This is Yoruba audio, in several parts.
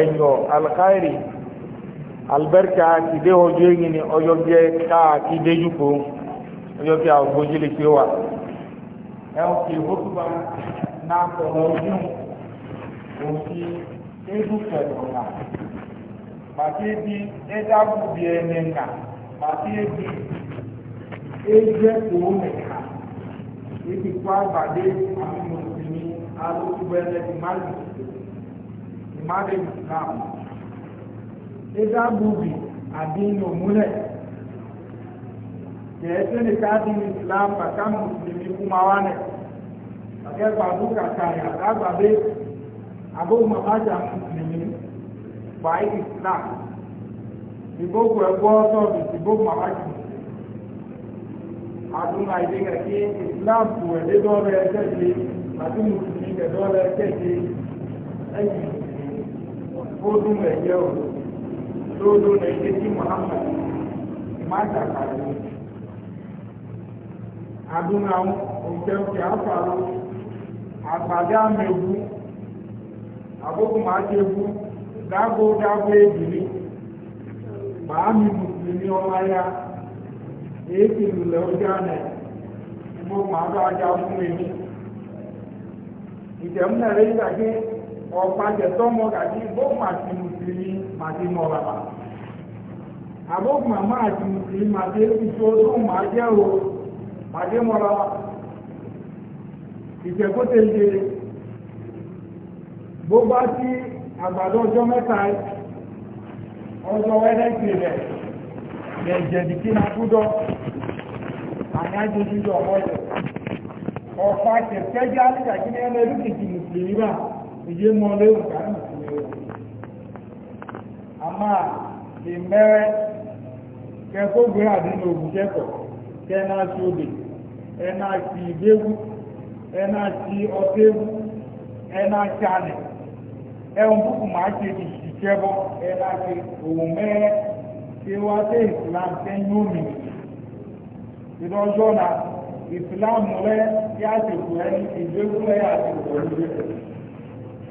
ẹ̀yọ̀ alkhairi alberka kìdé ọjọ́ yìí ni ọjọ́ bí ẹ káà kìdé jùpò ọjọ́ bí àgbójú lè pé wà ẹ̀wọ̀n kì í hókù bá náà sọ̀rọ̀ ojú òkè édú pẹ̀lú nà màtí ebi ẹ̀dáàbò bí ẹni nà màtí ebi ẹ̀jẹ̀ òun nìka ebi kó àgbàdé àwọn mùsùlùmí alóògbé ẹlẹ́dìmáàlì. mmadụ na ego abụ ubi adịghị òmúlẹ̀ kẹ̀ẹ́sẹ́ ní káàdì islam bàtà mùsùlùmí kúmá wá nẹ̀ akẹ́gbàdú kàkàrí àgbàgbé abóhùnmáfájà mùsùlùmí by islam ìgbókù ẹgbọ́ sọ́ọ̀bù ìgbóhùnmáfájà àdúrà ìdíkẹ̀ kí islam tù gbódú ẹ̀yẹ o lódó na ẹ̀yẹ Muhammadu muhammad ìmáta kàlẹ́ adúnáwó òǹtẹ̀ǹtẹ̀ afáró àgbàdé àmẹ́wú àbókù ma ti ewu dágbó dágbó ebìlí màá mi ya èyí ti lulẹ̀ ọjọ́ àná gbogbo màá bá ọ̀pàjẹ̀tọ́mọ kàdí bóòmù àti mùsùlùmí màdí mọ̀ràbà àbóòmù àmọ́ àti mùsùlùmí màdí èkìtì ọdún màá jẹ́ o màdí mọ̀ràbà ìjẹ̀kóte ṣe bó bá sí àgbàdo ọjọ́ mẹ́ta na kúdọ́ àyájú jíjọ kìkì ìyé mọ́ lérò kàánù sí lérò a máa lè mẹ́rẹ́ kẹfó gbé àdínú ògùn kẹ́kọ̀ọ́ kẹ́nà sí obè ẹ̀nà sí ìgbéwú ẹ̀nà sí ọtéwú ẹ̀nà sí alẹ̀ ẹ̀hùn púpù máa ṣe ìṣìṣẹ́bọ ẹ̀nà sí òun mẹ́rẹ́ tí wá sí ìsìlám tẹ́yìn omi ìdọ́jọ́ náà ìsìlám rẹ̀ yá ti kù ẹni ìgbéwú rẹ̀ ti kù ẹni ìgbéwú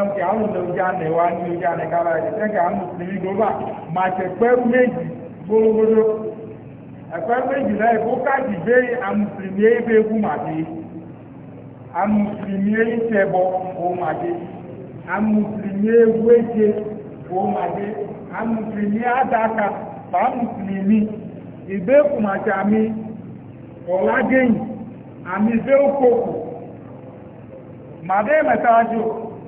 ẹ̀kẹ́ àwọn olóòjá nẹ̀ wá ní ojú ànẹ̀kára ẹ̀ tẹ́kẹ́ àwọn mùsùlùmí gbogbo máa tẹ̀ pẹ́ méjì gbólógbóló ẹ̀pẹ́ méjì náà kó káàdì gbé àmùsùlùmí fẹ́ kú màdé àmùsùlùmí kó màdé àmùsùlùmí kó màdé àmùsùlùmí àdàkà mi ọ̀làgẹ́yìn àmì ìfẹ́ òkòkò màdé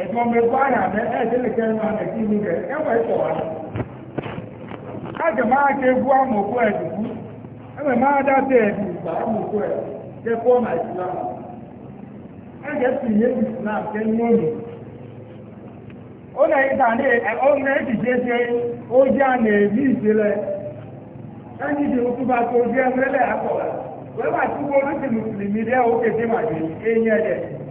ẹ̀fọn mẹ́fọ́ àyà mẹ́ ẹ̀ẹ́dẹ́lẹ̀ kẹrin máa mẹ́ kí inú rẹ̀ ẹwà ẹ̀fọ́ wa kájẹ̀ máa ké bú àmọ̀kú ẹ̀dùkú ẹ̀mẹ̀ máa dáadé ẹ̀dù ìgbà àmọ̀kú ẹ̀ kẹ́kọ́ ọmọ ìsìlámù ẹ̀jẹ̀ sì yé ìsìlámù kẹ́ ní ó ní ọ̀nà jẹ́ jẹ́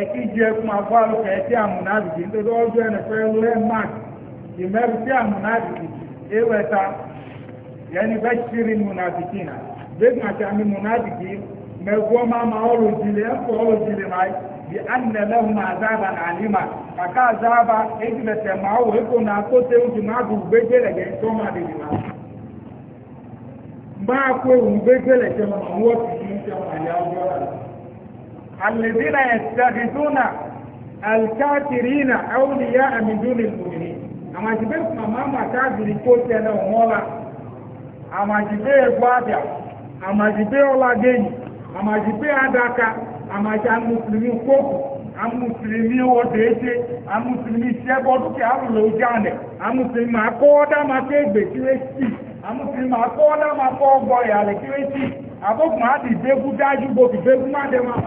ẹ̀kí jẹ́ ẹkùn àfọ́àlùkẹ́ ẹ̀tí àmùnáàdìkì nítorí ọjọ́ ẹnìfẹ́ lẹ́mark ìmẹ́rù tí àmùnáàdìkì ewẹ́ta yẹni fẹ́ ṣírí mùnáàdìkì náà bẹ́ẹ̀ máa ṣàmì mùnáàdìkì mẹ́gbọ́ máa ma ọrọ̀ òjìlẹ̀ òjìlẹ̀ máa àlímà kàkà ejìlẹ̀tẹ̀ máa náà kó ojú máa bù tó máa kó ewu máa ní ìjọba àyà ọjọ́ الذين يتخذون الكافرين أولياء من دون المؤمنين àwọn àjìbẹ́ màmá màkáàdìrí tó tẹ̀lé ọmọ́ra àwọn àjìbẹ́ ẹgbàdà àwọn àjìbẹ́ ọlágẹ́yìn àwọn àjìbẹ́ adaka àwọn àjì amùsùlùmí kókù amùsùlùmí ọdẹẹsẹ amùsùlùmí sẹbọ dúkìá àrùlọ jáde amùsùlùmí máa kọ́ ọ́dá máa kọ́ ègbè kí wé sí amùsùlùmí máa kọ́ ọ́dá máa kọ́ ọgbọ ìyàlẹ̀ kí wé sí àbókùn á ti dégú dájú gbòkì dégú má dé máa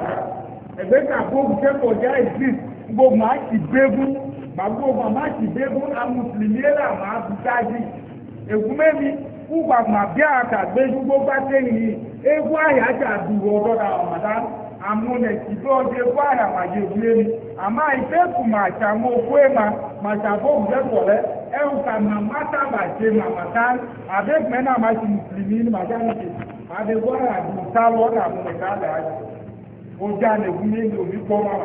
ebe ka gbóògùn kẹ́kọ̀ọ́ já ìdílé mgbe á ti gbégún gbàgbóògùn àmá ti gbégún amùsùlùmí ẹ̀rà máa fi dájú ewu àyájà àdúró ọlọ́dà ọ̀mọ̀dá àmúnẹ̀ tìbí ọdẹ ewu àyà màjẹ ìwúlé ni àmá ìfẹ́kù mà àtàwọn owó ẹ̀ma mà ma kẹ́kọ̀ọ́ rẹ ẹ̀rù kà mà má sábà ma ọjà nẹ̀gúnmẹ́ ní òbí pọ́ máa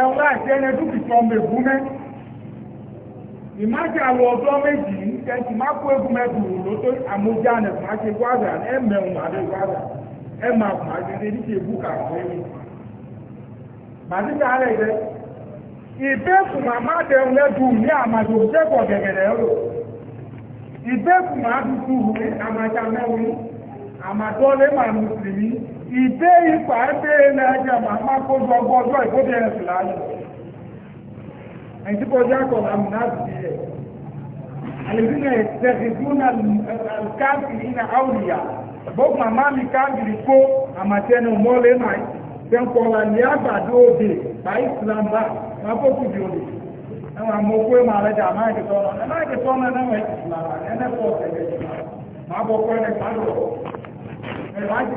ẹ̀wọ́n àti ẹni tó fi tọ́ mẹ̀gúnmẹ́ ìmájà lọ ọjọ́ méjì ní tẹ́sí má kó egúnmẹ́ dùn ló tó ṣe gbádà ẹ̀mẹ̀rún àdé gbádà ẹ̀mà kùn ní ṣe búkà ọ̀rẹ́ màdíjà rẹ̀ rẹ̀ ìbẹ́kùn àmádẹ̀rún lẹ́dùn ní àmàjò jẹ́kọ̀ gẹ̀gẹ̀rẹ̀ rò ìbẹ́kùn àdúgbò mẹ́rin mùsùlùmí ìdé ipò àbẹ́ẹ̀lẹ̀ ajá màmá kó lọ ọgbọ́jọ́ ìkóbi ẹ̀rẹ̀ fìlà ní ẹ̀yìn tí kò jẹ́ àkọ̀lá láti bí ẹ̀ àlèbínà ìtẹ̀sìtúnà káàkiri ní àwùyà bókù màmá mi káàkiri kó àmàtẹnu mọ́lẹ̀ máa tẹ́ǹkọ̀lá ní àgbàdo òde bá kó kù di òde owó ẹ̀ máa rẹjà máa kẹtọ́ ẹ̀ máa kẹtọ́ ẹ̀ ẹ̀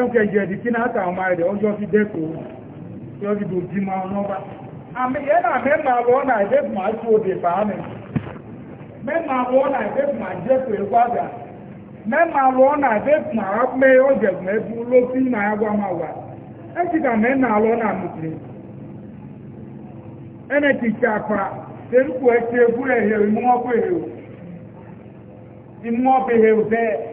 ẹ̀kẹ́ na kí náà tàwọn máa rẹ̀ ọjọ́ fi dẹ́kọ̀ tí ó fi dò jí máa ọ̀nà bá yẹ́nà mẹ́mà wọ́n náà ẹgbẹ́ alụọ na òdè fàánì mẹ́mà wọ́n náà ẹgbẹ́ fún àjẹ́kọ̀ ẹgbàgbà mẹ́mà wọ́n náà ẹgbẹ́ máa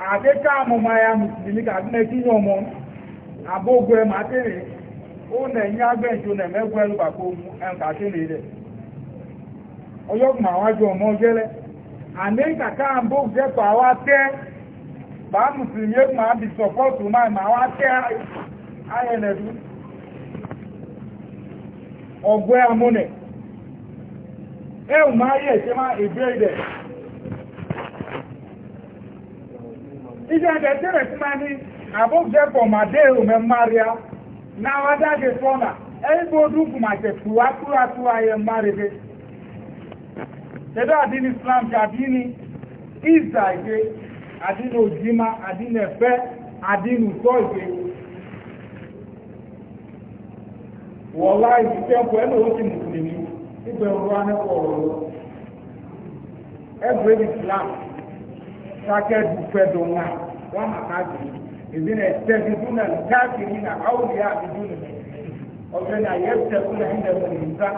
a àmọ̀mọ̀ ya mùsùlùmí kà ní ma yàn mọ́ àbógun ẹ̀ máa tèrè ó nà ẹ̀yìn agbẹ̀jọ nà ẹ̀mẹ́gun ẹ̀lú pàpọ̀ ẹ̀m kà ma rẹ̀ ọmụ àwọn àjọ ọmọ gẹ́lẹ́ àní kàkà àbógun ẹ̀kọ́ àwa tẹ́ ya iṣẹ́ ẹ̀dẹ̀tẹ̀rẹ̀ sí na ní àbójẹ́pọ̀ màdéèrò mẹ́ máríà náà adájẹ́ fọ́nà ẹ́yìnbó dúkùn màṣẹ̀ fúwákúwákúwá yẹ márebe tẹ́dọ́ àdínì Islam ti àdínì ìzà ìgbé àdínì òjímá àdínì ẹ̀fẹ́ àdínì ìtọ́ ìgbé wọ̀lá ìfẹ́kù ẹ̀nà ó ti mùsùlùmí nígbẹ̀rún rán ẹ̀kọ́ ọ̀rọ̀ ẹgbẹ̀rún Islam sake dufe don wa wa ma kafiri izina yastafiduna alkafirina awliya biduni ọjọ́ na yastafiduna inda mulisa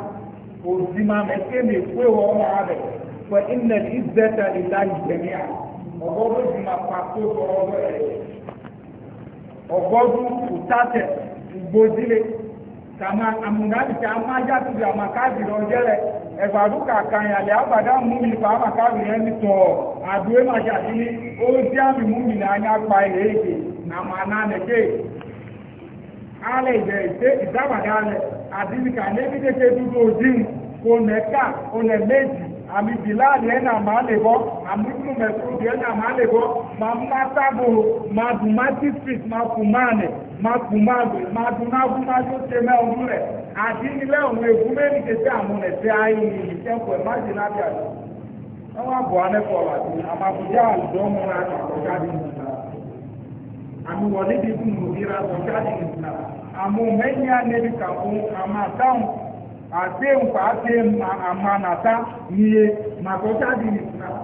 ozima mẹ́tẹ́ mi pé wọ́n wà rẹ̀ fọ iná ìzẹ́ta lílá ìjẹ̀míà ọgọ́dún ti máa pa tó sọ̀rọ̀ ọgọ́ rẹ̀ ọgọ́dún kùtàtẹ̀ ìgbòdìlẹ̀ kàmá àmúnábìtì àmájáde àmàkáàdì lọ́jẹ́ rẹ̀ ẹ̀fàdú kàkà ìyàlẹ̀ àbàdá múmi pàápàá káàkiri ẹni tọ̀ àdúré máa ṣàtí ní ó sí àmì múmi náà ní apá ilẹ̀ èdè nàmà náà nẹ̀kẹ́ alẹ́ ìbẹ̀ ìṣe ìdábàdá rẹ̀ àti ní ẹbí tẹ́tẹ́ dúdú òdìrún kò nẹ́ka kò nẹ́ méjì àmì bìláàdì ẹ̀nà máa lè bọ́ àmì ìlú mẹ́sùlùmí ẹ̀nà máa lè bọ́ máa má sábò máa dùn má tí street máa kù máa nẹ̀ máa kù máa gbè máa dùn náà fún máa tó ṣe mẹ́ ọdún rẹ̀ àti ilé ọ̀hún èkú méjì kété àwọn ẹ̀sẹ̀ ayé ìṣẹ́kọ̀ọ́ ẹ̀ má jẹ́ lábẹ́ àjọ. wọ́n wá bọ̀ ánẹ́kọ̀ọ́ àti àmàkùnjẹ́ àlùdọ́mọ́ra adịmkwa adị amanata n'ihe maka na dị n'islam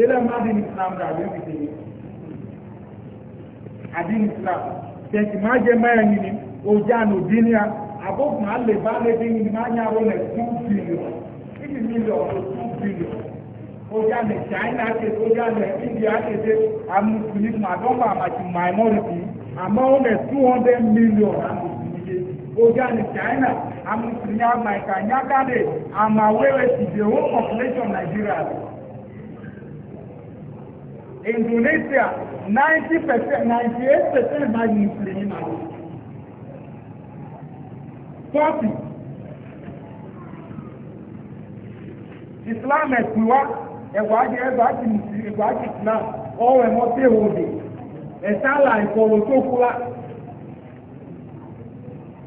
ele mmadụ n'islam ga-abịabitere adị n'islam tenti ma je ma ya ma aleba alebe yini ma anya arụ na 2 bilion ịdị milion 2 bilion oja na china oja na india na amusulim adọba amachi minority na million Ogan China, I'm Nyamaika, Nyakade, I'm aware to si whole population of Nigeria. Indonesia, 90%, 98% by Muslim. Turkey, Islam ẹ̀kúwá ẹ̀wà jẹ́ ẹ̀bà ti Mùsùlùmí ẹ̀wà ti Islam ọ̀rọ̀ ẹ̀mọ́ tẹ́ òde ẹ̀sálà ìfọ̀rọ̀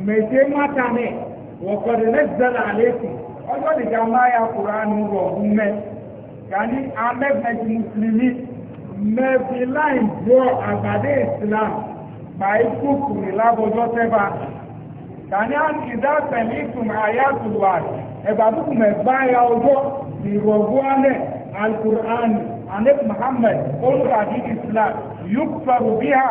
mechie nwata nị wọkọdịnezala alesi ọjọ́ dịka mma ya kwụrụ anụ ụlọ ume ka gani amegmenti muslimi mebi lain jụọ agbada islam ma ikwu kwuru labọjọ gani ka ndị ahụ ịdafeli ikum ayatulwa ebadukwu megba ya ụjọ n'irọgbu anị alkur'ani anị muhammad olu hadid islam yukfaru biha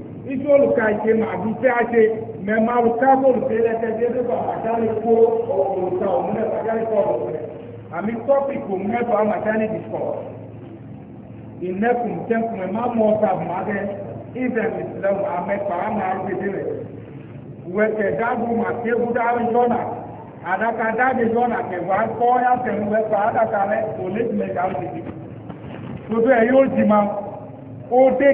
iṣẹ́ olùka ìṣe mà bí iṣẹ́ àṣe mẹ́mà olùka olùfẹ́ lẹ́tẹ̀ dé nípa àjáde kó olùka òun lẹ́tọ̀ àjáde kó olùfẹ́ àmì tọ́pìkì òun lẹ́tọ̀ àmàjáde dìkọ̀ ìnẹ́kùn tẹ́kùn mẹ́mà mọ́ ọ̀tà màgẹ́ akpọ ya ote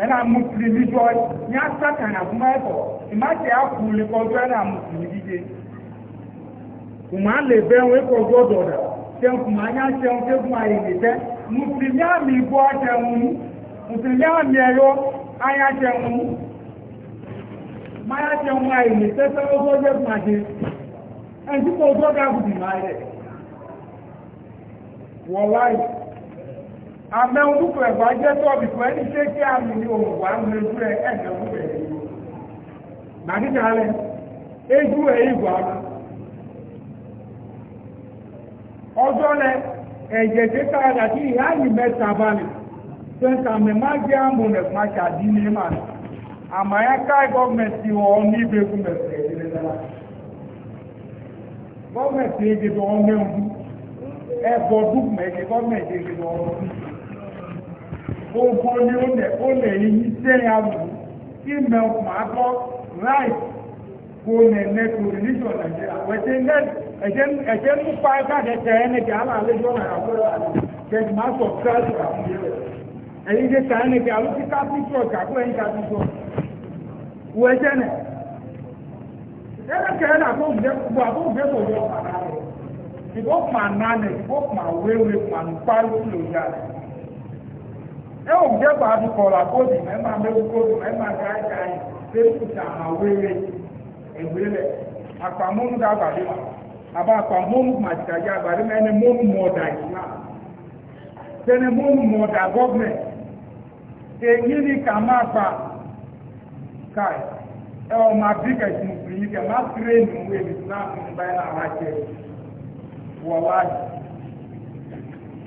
mena muslimi jɔy nya satana kuma ɛfɔ ima tɛ a kuli kɔjɔ ɛna muslimi dide kuma le bɛn o ekɔjɔ dɔ da kuma nya tɛn tɛ kuma yi le tɛ ami bɔ aya tɛn maya ayi le tɛ sɛ yɛ kuma de ɛnti da ma yɛ àmẹ́ olùkọ́ ẹ̀fà jẹ́ tọ́ọ̀bì fún ẹni ṣé kí àmì ní òun wà ń lójú rẹ̀ ẹ̀jẹ̀ ń bẹ̀rẹ̀ màgídà rẹ̀ ejú ẹ̀ ìgbà ọjọ́ rẹ̀ ẹ̀jẹ̀ tí káàdà tí ìyá yìí mẹ́ta balẹ̀ tẹ́ta mẹ́má jẹ́ ní àmà ya ní gbogbo ni ó lè ó lè yí sẹ́yìn àbùkù kí mẹ́ọ̀kùn àkọ́ ráì kò lè mẹ́tò religion nàìjíríà wẹ̀tẹ́ ẹ̀jẹ̀ ń pa ẹ̀ka ala ẹ̀nẹ́kẹ́ aláàlejò náà àkọ́rọ̀ àti mass of christ àwọn ilé ẹ̀yìn jẹ́ ká ẹ̀nẹ́kẹ́ alùpùpù kápítọ̀ kàkó ẹ̀yìn ne wẹ̀tẹ́ nẹ̀ ẹ̀nẹ́kẹ́ ẹ̀nà àkọ́ òbí gbogbo àkọ́ òbí kò yọ ma náà rẹ̀ ẹ ò jẹ́ bá a ti kọ̀ọ̀lá kóòdù ẹ máa mẹ́kú kóòdù ẹ máa ká ẹ̀ka ẹ̀ fẹ́ẹ́kùtà àwẹ̀rẹ̀ ẹ̀wẹ̀rẹ̀ àpamọ́nù dá àgbàdì wa àbá àpamọ́nù màjìkàjì àgbàdì mẹ́ ẹni mọ́nù mọ̀ọ́dà ìsìlá ẹni mọ́nù mọ̀ọ́dà gọ́ọ̀mẹ̀ntì èyí ni kà máa pa káì ẹ ọ máa bí kẹsì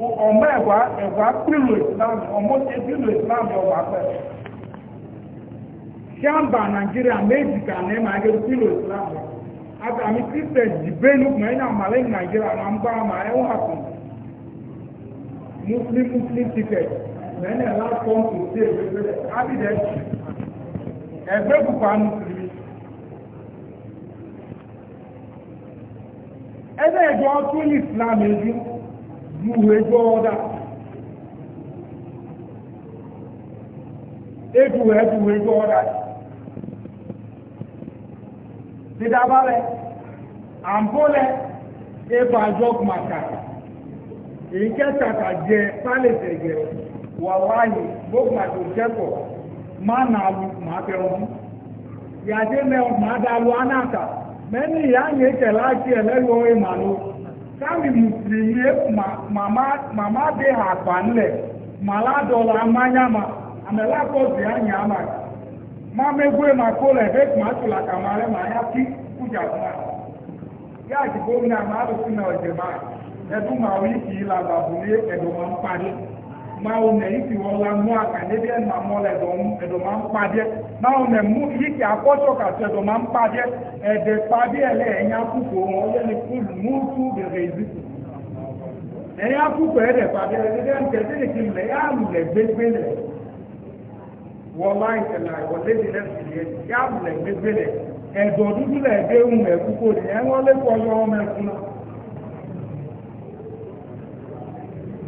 ọmọ ẹ̀wà ẹ̀wà pílò ìsìláàmù ọmọ ṣe pílò ìsìláàmù ọwà pẹ̀lú ṣáàmbà nàìjíríà méjì ní ẹ̀mà ẹgbẹ́ pílò ìsìláàmù àtàmì kírísẹ̀ jìbẹ́ nùkùn ẹ̀yìn àmàlẹ́ nàìjíríà máa ń bá àmà ẹ̀wọ̀n àkùn muslim muslim ticket lẹ́yìn ẹ̀ kò sí ẹgbẹ́ ábìdẹ́ ẹgbẹ́ ẹgbẹ́ you will go order. everywhere to will go order. Dídábálẹ̀, àǹbólẹ̀, ẹgbà jọ́k màkà, èyíkẹ́ tàkà jẹ pálẹ̀tẹ̀ jẹ wà láàyè gbogbo àjò jẹ́kọ̀ máa nà lù máa fẹ́ wọn. Yàjẹ́ mẹ́wọ̀n máa dá lu ánáàkà, mẹ́ni ìyá yẹn tẹ̀ láti ẹ̀lẹ́yọ̀ ìmàlú. káwí musiri eh, màmá mama àgbà ńlẹ̀ màládọ́là amányàmà àmẹ́lákọ̀ọ́sì ànyà àmà má mẹ́gbé ma kó lẹ̀ bẹ́ẹ̀ mà tùlà ma rẹ̀ mà yá kí kújà fún wa. yá ma ya àmà àlùkù ma ọ̀jẹ̀ máa ma ma máa nẹ̀ ìfì wọn la mú àkàndébí ẹ̀nà àmọ́lẹ̀ ẹ̀dọ̀ máa ń pàdé máa nẹ̀ mú yíkì akọ́ṣọ́kà tó ẹ̀dọ̀ máa ń pàdé ẹ̀dẹ̀ pàdé ẹ̀lẹ́ ẹ̀yìn akúkò wọn yẹ́ ni kú mú tú bẹ̀rẹ̀ ìzìkù ẹ̀yìn akúkò ẹ̀dẹ̀ pàdé ẹ̀dẹ̀ ẹ̀dẹ̀ ìkìlẹ̀ yá lulẹ̀ wọ́n láì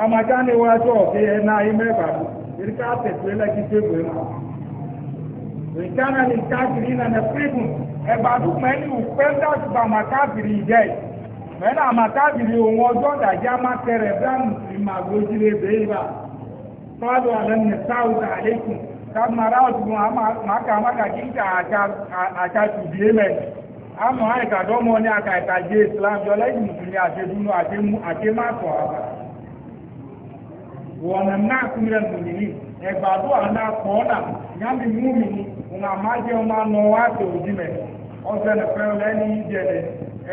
amajani wacho pia na imeba ilikate tuela kitego ina wikana ni kafirina na fibu ebadu meni upenda kwa makafiri je mena amakafiri umojo da jama kerebram imagojile beiba qalu alam nasau alaikum kama rawatu maka maka jinka acha acha tudieme ama haika domo ni aka islam yo lẹ́yìn musulmi àti dúnú àti mú àti má sọ ونمنعكم من المؤمنين ẹgbàdo àná kọ́ọ̀dà nyàmì múmi ní àmàjẹ ọmọ anọ wa tẹ òjì mẹ ọsẹ ní fẹrẹ lẹni ìjẹ lẹ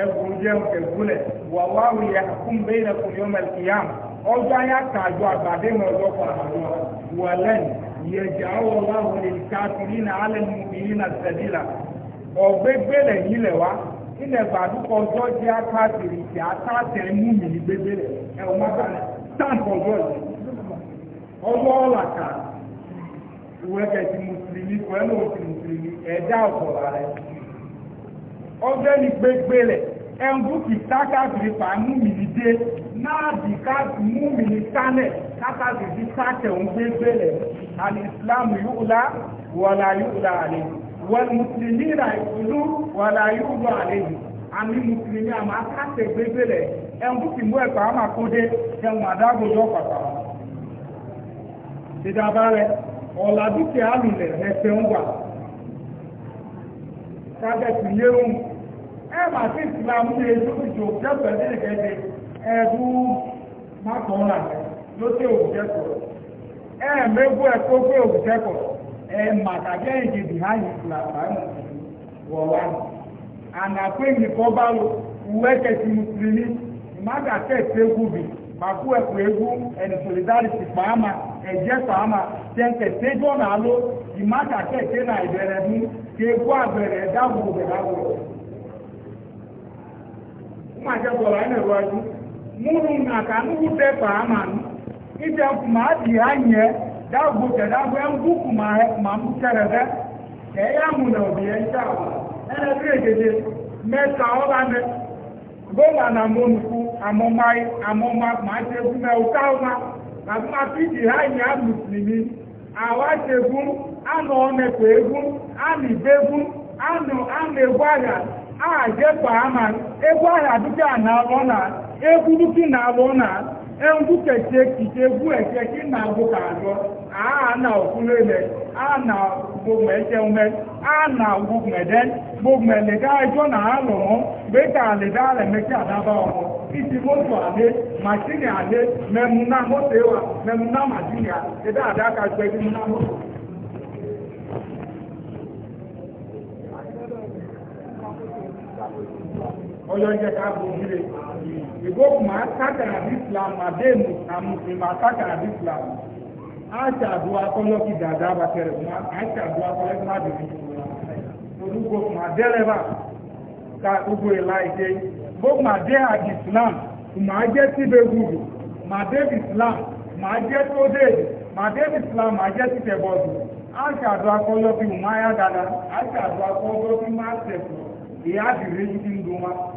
ẹgbùn jẹ ẹgbùn lẹ wà wá wìyà kún bẹyì lẹ kùn yọmọ ẹkìyàm ọjọ ayé àtàjọ àgbàdé mọ ọjọ kọ àwọn wà lẹni yẹjà ọwọ wa wọlé káàkiri ní alẹ mú mi ní nàìjíríà ọgbẹgbẹ lẹ yìí ilẹ̀ gbàdúkọ ọjọ́ jẹ́ akáàkiri ìṣẹ́ akáàtẹ̀ mú mi ní gbégbé rẹ̀ ẹ̀wọ̀n máa tán ọjọ́ yìí ọwọ́ ọ̀làkà ìwẹ́kẹ̀ ti mùsùlùmí pẹ̀lú òsì mùsùlùmí ẹ̀dá ọ̀pọ̀lá rẹ̀ ọjọ́ ní gbégbé rẹ̀ pa mú mi ní dé náà bí ká mú mi ní sálẹ̀ gbégbé rẹ̀ àlè والمسلمين يقولون ولا يرضى عليهم àmì mùsùlùmí àmà akáṣẹ gbégbé rẹ ẹnkú sì mú ẹ̀kọ́ àmà kóde ẹ̀wọ̀n àdágbòjọ́ pàpà ìdàbà rẹ ọ̀là dúkìá lulẹ̀ ń wà ẹ mà sí ìsìlámù ní ojú jẹ́pẹ̀ ẹ̀rú ló ẹ̀ mẹ́gbọ́ ẹ̀kọ́ ẹ̀mà tàbí ẹ̀jẹ̀ bìháyì ha wọ̀wá ànàpéyìn kọ́bá uwẹ́kẹ̀sì mùsùlùmí ìmágàtẹ̀ẹ̀tẹ̀ egwu bì màkú ẹ̀kọ́ egwu ẹ̀nì solidarity pàámà ẹ̀jẹ̀ pàámà tẹ̀ǹkẹ̀tẹ̀ jọ́ nà ló ìmágàtẹ̀ẹ̀tẹ̀ nà ìbẹ̀rẹ̀ mú kegwu àbẹ̀rẹ̀ dáwọ̀ bẹ̀dáwọ̀ màjẹ̀bọ̀lá ẹ̀ nẹ̀rọ ẹ̀dú múlùú tẹ̀ nù dáàbò tẹ̀dáàbò ẹ̀ ń búkù ma ń tẹ̀rẹ̀fẹ́ ẹ̀yà múnà òbí ẹ̀ ń tààbò ẹ̀rẹ́ bí èdèdè mẹ́ta ọba mẹ́ gómà nà mọ́nùkú àmọ́máyé àmọ́má máa ṣe fún mẹ́ òkà ọmá àti fi àmì àmì àyà àmà àyà dúkìá nà dúkìá nà egwu kete kite egwu eke ka ị na-agụ ka agụ a na okulele a na gbogmeteome a na gbogbede na ha lụrụ alịda alaemeke adaba ọhụ iti moto ale machini ale memuna moto ewa memuna machini a ada aka na moto because my attack on Islam, my day Muslim, my attack Islam. I shall do a color to Dada Bakere, I shall do a color to Madi. Olúgbò mà dé lẹ́wà ká gbogbo ìlà ìdè. Gbogbo mà dé àdì Islam, mà jẹ́ síbẹ̀ gbùgbù, mà dé Islam, mà jẹ́ tó dé, mà dé Islam, mà jẹ́ síbẹ̀ bọ́ọ̀dù. A ṣàdó akọ́lọ́ bí Umaya dada, a ṣàdó akọ́lọ́ bí Máṣẹ̀kù, ìyá àdìrí ń dùn wá.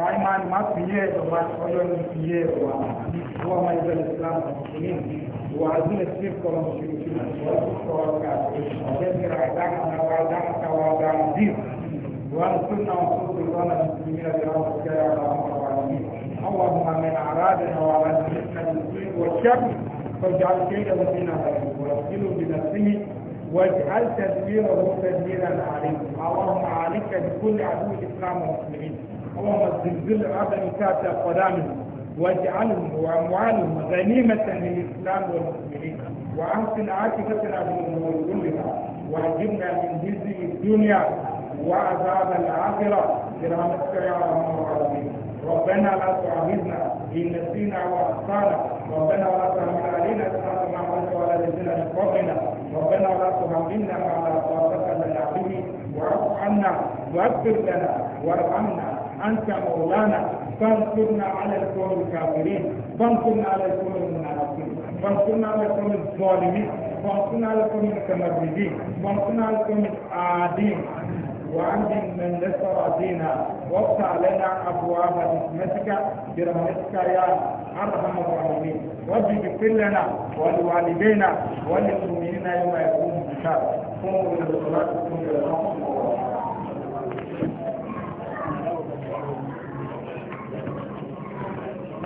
فأيمان ما فيه وما تقولون فيه وهو ما يزال الإسلام المسلمين وعزيز السيف كما مشركين وذكر عداك وعداك وعداك دين وأن كنا نصوص إخوان المسلمين برحمتك يا رب العالمين اللهم من أعرادنا وعلى الفتنة المسلمين والشر فاجعل كيده فينا ورسلوا بنفسه واجعل تدبيره تدبيرا عليه اللهم عليك بكل عدو الإسلام والمسلمين اللهم زلزل عضلات قدامهم واجعلهم وأموالهم غنيمة للإسلام والمسلمين وأحسن عاكفتنا في الأمور كلها وأجبنا من جزء الدنيا وعذاب الآخرة برحمتك يا أرحم الراحمين ربنا لا تعاهدنا إن نسينا وأخطأنا ربنا لا تحمل علينا إسراء ما عملت ولا تزلنا من فضلنا ربنا لا تعاملنا ما لا طاقة لنا به واعف عنا واغفر لنا وارحمنا أنت مولانا فانصرنا على القوم الكافرين فانصرنا على القوم المنافقين فانصرنا على القوم الظالمين فانصرنا على القوم المتمردين فانصرنا على القوم العادين وعند من نصر دينا وافتح لنا ابواب حكمتك برحمتك يا ارحم الراحمين ربي اغفر لنا ولوالدينا وللمؤمنين يوم يقوم الحساب قوموا الى صلاتكم الى